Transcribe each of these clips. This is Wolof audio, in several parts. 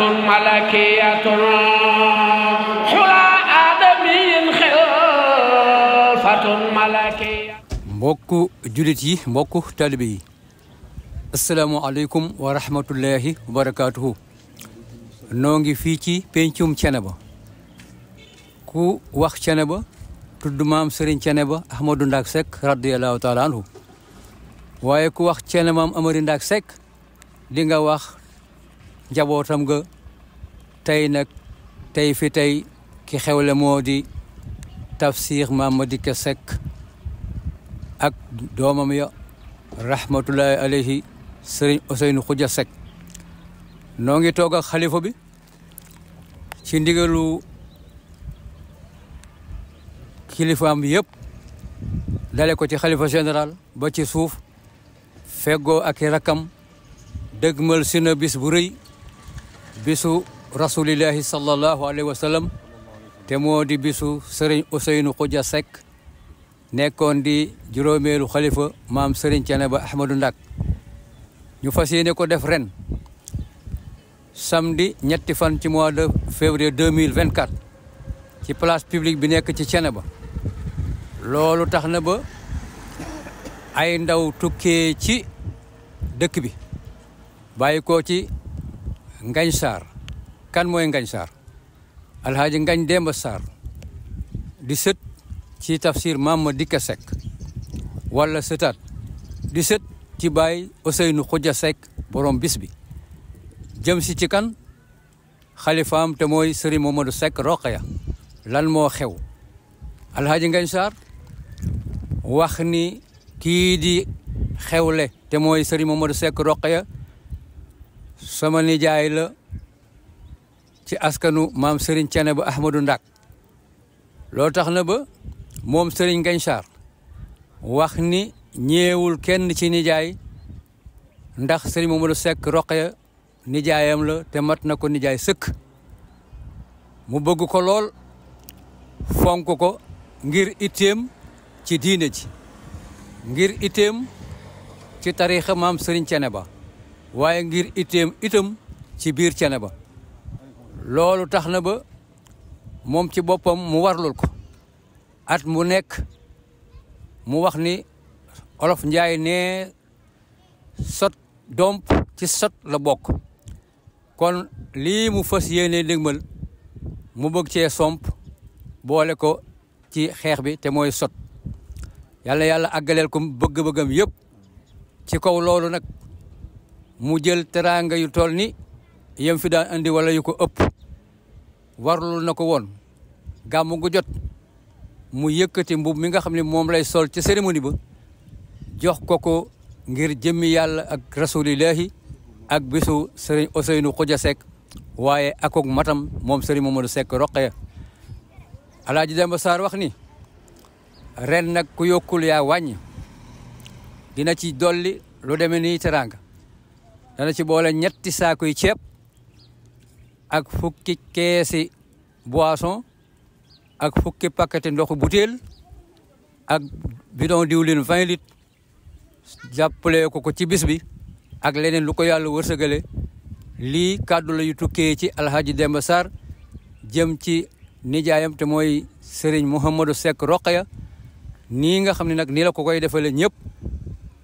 ملكية حلى آدمي خلفة ملكية mbokk julit yi mbokk talibe yi asalaamaaleykum wa rahmatullahi noo ngi fii ci pencum Thiénaba ku wax Thiénaba tudd maam Serigne Thiénaba Ahmadou Ndack Seck radiyallahu taala anhu waaye ku wax Thiénaba maam Amari Ndack Seck di nga wax njabootam ga tey nag tey fi tey ki xewle moo di Tafsir Mamadika Seck ak doomam ya rahmatullahi alayhi sëriñ Ousseynou Khoudia sek noo ngi toog ak xalifa bi ci ndigalu kilifaam yëpp dale ko ci xalifa général ba ci suuf feggoo ak rakam rakkam dëgmal si bis bu rëy bisu rasulillahi sallallahu alayhi wa sallam te moo di bisu sëriñ Ousseynou Khoudia Seck nekkoon di juróomeelu xalifa maam sëriñ Thiénaba Ahmadou Ndak ñu fas yéene ko def ren samedi ñetti fan ci mois de février 2024 ci place publique bi nekk ci Thiénaba loolu tax na ba ay ndaw tukkee ci dëkk bi bàyyi ci ngañ sar kan mooy ngañ sar alhaaji ngañ demba sar di sët ci tafsir mamma dikka sek wala setat di sët ci bay usaynu khuja sek borom bisbi jëm ci ci kan xalifaam te moy seri momadou sek roqaya lan mo xew alhaaji ngañ sar wax ni ki di xewle te moy seri momadou sek roqaya sama nijaay la ci askanu maam Serigne Cene ba Ahmadou Ndak loo tax na ba moom Serigne Ngagne wax ni ñeewul kenn ci nijaay ndax Serigne Mamadou sekk Roqe nijaayam la te mat na ko nijaay sëkk mu bëgg ko lool fonk ko ngir itteem ci diine ci ngir itteem ci tariixa maam Serigne Cene ba waaye ngir itteem itam ci biir ba loolu tax na ba moom ci boppam mu warlul ko at mu nekk mu wax ni olof njaay nee sot domp ci sot la bokk kon lii mu fas yéene dégmal mu bëgg cee somp boole ko ci xeex bi te mooy sot yàlla yàlla àggaleel ko bëgg-bëggam yëpp ci kaw loolu nag mu jël teranga yu toll ni yam fi daan andi wala yu ko ëpp warlul na ko woon gàmmu gu jot mu yëkkati mbub mi nga xam ne lay sol ci cérémonie ba jox ko ko ngir jëmmi yàlla ak rasulillahi ak bisu sëriñ Ousseynou sek Seck waaye akook matam moom sëriñ Mamadou Seck Roqeya Alaaji Demba Sarr wax ni ren nag ku yokkul yaa dina ci dolli lu demee nii dana ci boole ñetti saakuy ceeb ak fukki keesi boisson ak fukki pakkati ndoxu butéel ak bidon diwlin vingt litres jàppale ko ko ci bis bi ak leneen lu ko yàlla wërsëgale lii kàddu la yu tukkee ci alhaji Demba Sarr jëm ci nijaayam te mooy Serigne Mouhamadou Seck Roqaya nii nga xam ne nag nii la ko koy defale ñëpp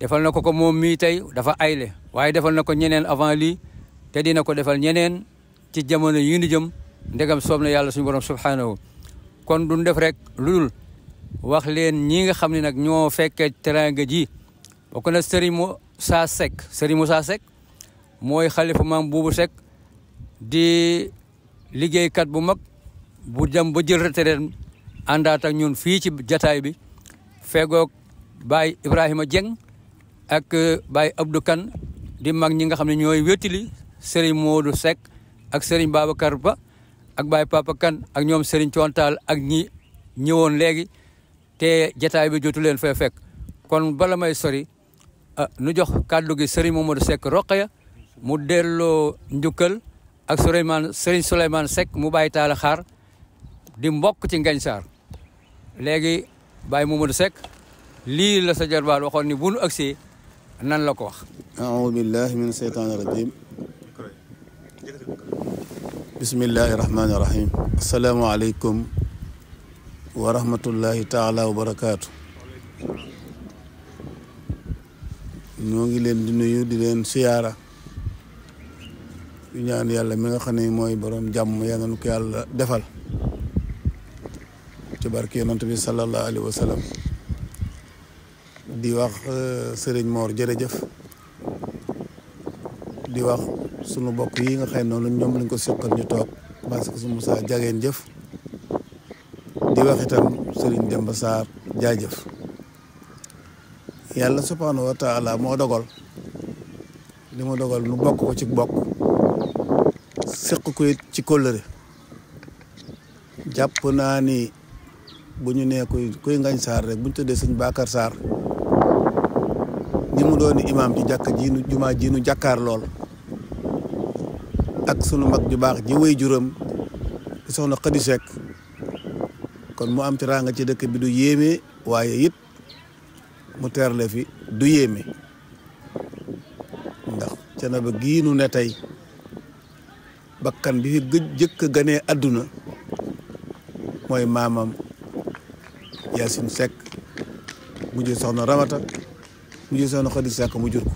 defal na ko ko moom mii tey dafa ayle waaye defal na ko ñeneen avant lii te dina ko defal ñeneen ci jamono yi ñu jëm ndegam soob na yàlla suñu borom subhaanahu kon duñ def rek lu dul wax leen ñi nga xam ni nag ñoo fekkee teranga ji bokk na Serigne Moussa sek Serigne Moussa Seck mooy xalifa maam buubu Seck di liggéeykat bu mag bu jëm ba jël retraite ñun fii ci jataay bi fegoog Baye Ibrahima Dieng ak Baye Abdou kan di mag ñi nga xam ñoy wétili Serigne Modou sek ak Serigne Babacar Ba ak Baye Papa kan ak ñom Serigne tiontal ak ñi ñewon te jotaay bi jotu leen fay fek kon bala may sori ah, nu jox kaddu gi Serigne momadou sek Roqaya mu delloo njukkal ak Souleymane Serigne Souleymane sek mu baye taala xaar di mbokk ci Ngagne Sarr Baye momadou sek li la sa jarbal waxon ni bu nu nan la ko wax aoudu billahi min seytaani rajim bismillahi rahmaani rahim asalaamualeykum wa rahmatullahi taala wa barakaatu ñoo ngi leen di nuyu di leen siyaara di ñaan yàlla mi nga xam ne mooy borom jàmm yal nañu ko yàlla defal ci barke yonent bi sallallahu alayhi wa sallam di wax euh, sëriñ Mor jërëjëf di wax sunu bokk yi nga xam noonu ñoom lañ ko soqal ñu toog parce que su Moussa jageen jëf di wax itam sëriñ Demba Sarr jaajëf yàlla subhaanahu wa moo dogal li mu dogal nu bokk ko ci bokk séq ko ci kóllëre jàpp naa ni bu ñu nee kuy kuy ngañ Sarr rek bu ñu tëddee suñu Bakar Sarr dooni imaam ci jàkk ji nu jumaa ji jàkkaar lool ak sunu mag ju baax ji wéy juróom di soxna Xadi Sekk kon mu am teraanga ci dëkk bi du yéeme waaye yëpp mu teerle fi du yéeme ndax Ceenaba gii nu ne tey bakkan bi fi gëj jëkk ganee àdduna mooy maamam Yaasin Sekk mujj soxna Ramata mu jur soxna Xadi Sàkk mu jur ko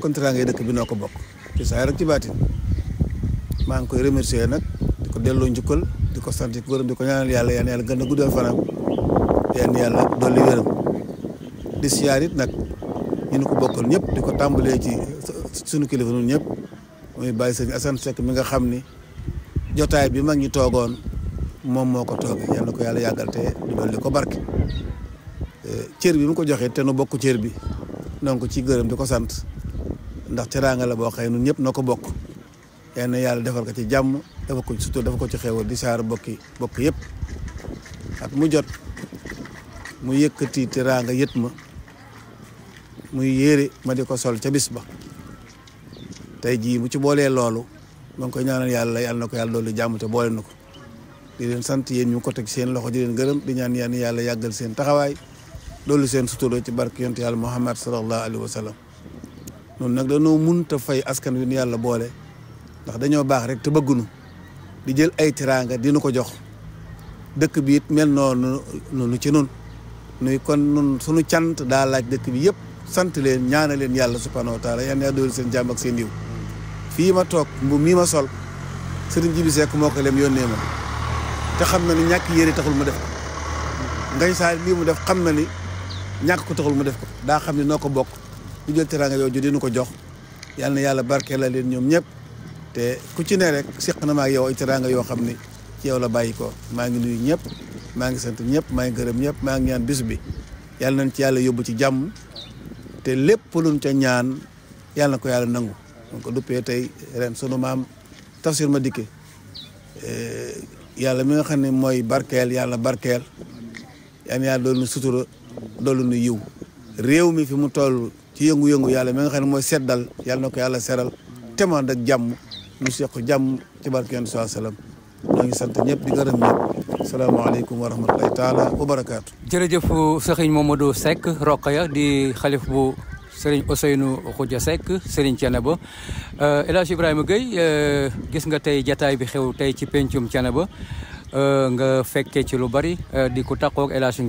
kon teraanga dëkk bi noo ko bokk ci saa rek ci baatin maa ngi koy remercier nag di ko delloo njukkal di ko sant gërëm di ko ñaanal yàlla yal yàlla a guddal fanam yal na yàlla dolli wéram di siyaar it nag ñu ko bokkal ñëpp di ko tàmbalee ci sunu kilifa nun ñëpp muy bàyyi sëñ Assane Seck mi nga xam ni jotaay bi mag ñi toogoon moom moo ko toogee yal ko yàlla yàggal te di dolli ko barke. cër bi mu ko joxee té nu bokk cër bi donc ci gëreem diko sant ndax teraanga la bo xey ñun ñëpp nako bokk na défar ko ci jamm dafa ko sutu dafa ko ci di saar bokki bokk yépp at mu jot mu yëkëti teraanga yët ma muy yéré ma diko sol ci bis ba tey ji mu ci bolé loolu ma ngi koy ñaanal yalla yalla nako yalla yàlla jamm te boole di leen sant yeen ñu ko tek seen loxo di leen gëreem di ñaan yalla yagal seen taxaway loolu seen sutura ci barke yonent yàlla Muhammad sallallahu alayhi wa sallam noonu nag dañoo munta fay askan wi nu yàlla boole ndax dañoo baax rek te bëggunu di jël ay tiraanga dina ko jox dëkk bi it mel noonu ci nun kon nun suñu cant daa laaj dëkk bi yëpp sant leen ñaana leen yàlla subhanahu wa taala yan doolu seen jàmm ak seen yiw fii ma toog mbu mii ma sol sëriñ Jibi Seck moo ko lem yónnee ma te xam na ni ñàkk yére taxul mu def ngay saa lii mu def xam na ni ñàkk ko taxul mu def ko daa xam ne noo ko bokk ñu jël teraanga yooyu dinu ko jox yal na yàlla barkeel la leen ñoom ñëpp te ku ci ne rek seq na ma ak yow ay teraanga yoo xam ni ci yow la bàyyi ko maa ngi nuyu ñëpp maa ngi sant ñëpp maa ngi gërëm ñëpp maa ngi ñaan bis bi yàlla nañ ci yàlla yóbbu ci jàmm te lépp luñ ca ñaan yàlla ko yàlla nangu donc duppee tey ren sunu maam Tafsir Madické eh, yàlla mi nga xam ne mooy barkeel yàlla barkeel yaan yàlla doolu nu yiw réew mi fi mu toll ci yëngu-yëngu yàlla mi nga xam ne mooy seddal yàlla na ko yàlla seral téman ak jàmm ñu seq jàmm ci barke yonent saa salaam ñoo ngi sant ñëpp di gërëm ñëpp salaamaaleykum wa rahmatulahi taala wa barakaatu jërëjëf sëriñ Momadou Seck Rokhaya di xalif bu sëriñ Ousseynou Khoudia Seck sëriñ Thiénaba euh, El Hadj Ibrahima Gueye euh, gis nga tey jataay bi xew tey ci pencum Thiénaba euh, nga fekkee ci lu bari di ko taqoog El Hadj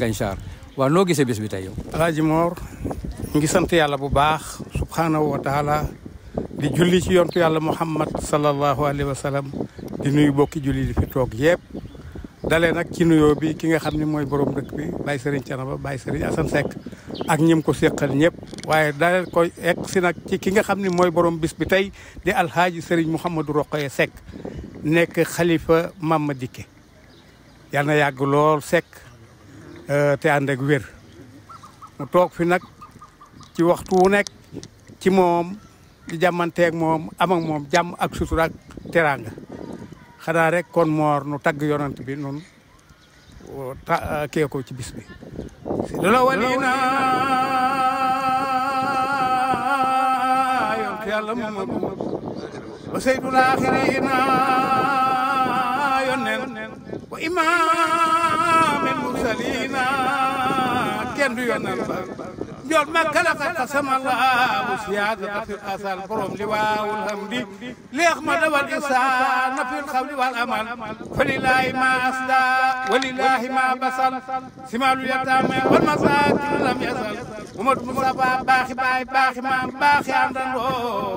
waaw noo gisee bis bi tey yow. Alaaji Moor ngi sant yàlla bu baax subhaanahu wa di julli ci yontu yàlla Muhammad sallallahu alayhi wa di nuyu bokki julli di fi toog yëpp. dalee nag ci nuyoo bi ki nga xam ni mooy borom dëkk bi Baye Serigne Thiénaba Baye Serigne Assane Seck ak ñim ko séqal ñëpp waaye dalee ko egg nag ci ki nga xam ne mooy borom bis bi tey di alhaaji Serigne Mouhamadou Rokhaya Seck nekk xalifa Mama Dikke yal na yàgg lool Seck Euh, te ànd ak wér toog fi nag ci waxtu wu nekk ci moom di jàmmanteeg moom am moom jàmm ak sutura ak teraanga rek kon moor nu tagg yonant bi nun euh, ta euh, kee ko ci bis bi loola walina yont yàlla mamadu wa kenn du yoonal ba njool ma kalaqaka sama laahu siyaadata fil asal borom li waawul hamdi leex ma dawal isaana fil xawli wal amal fa lillaahi ma asda wa lillaahi ma basal simaalul yataame wal masaakin lam yasal Mamadou Moustapha baaxi baay baaxi maam baaxi àndandoo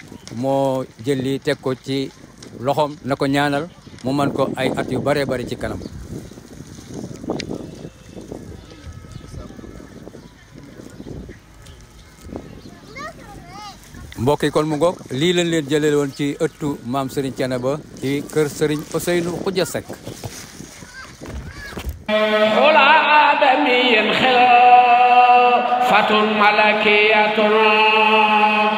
moo jël lii teg ko ci loxoom na ko ñaanal mu man ko ay at yu bëree bëri ci kanam mbokk yi kon mu ngoog lii lañ leen jëlee woon ci ëttu maam Serigne Thiénaba ci kër Serigne Ousseynou Khoudia Seck xula aadamiyin xila fatun malakiyatun